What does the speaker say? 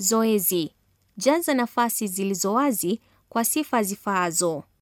Zoezi: jaza nafasi zilizo wazi kwa sifa zifaazo.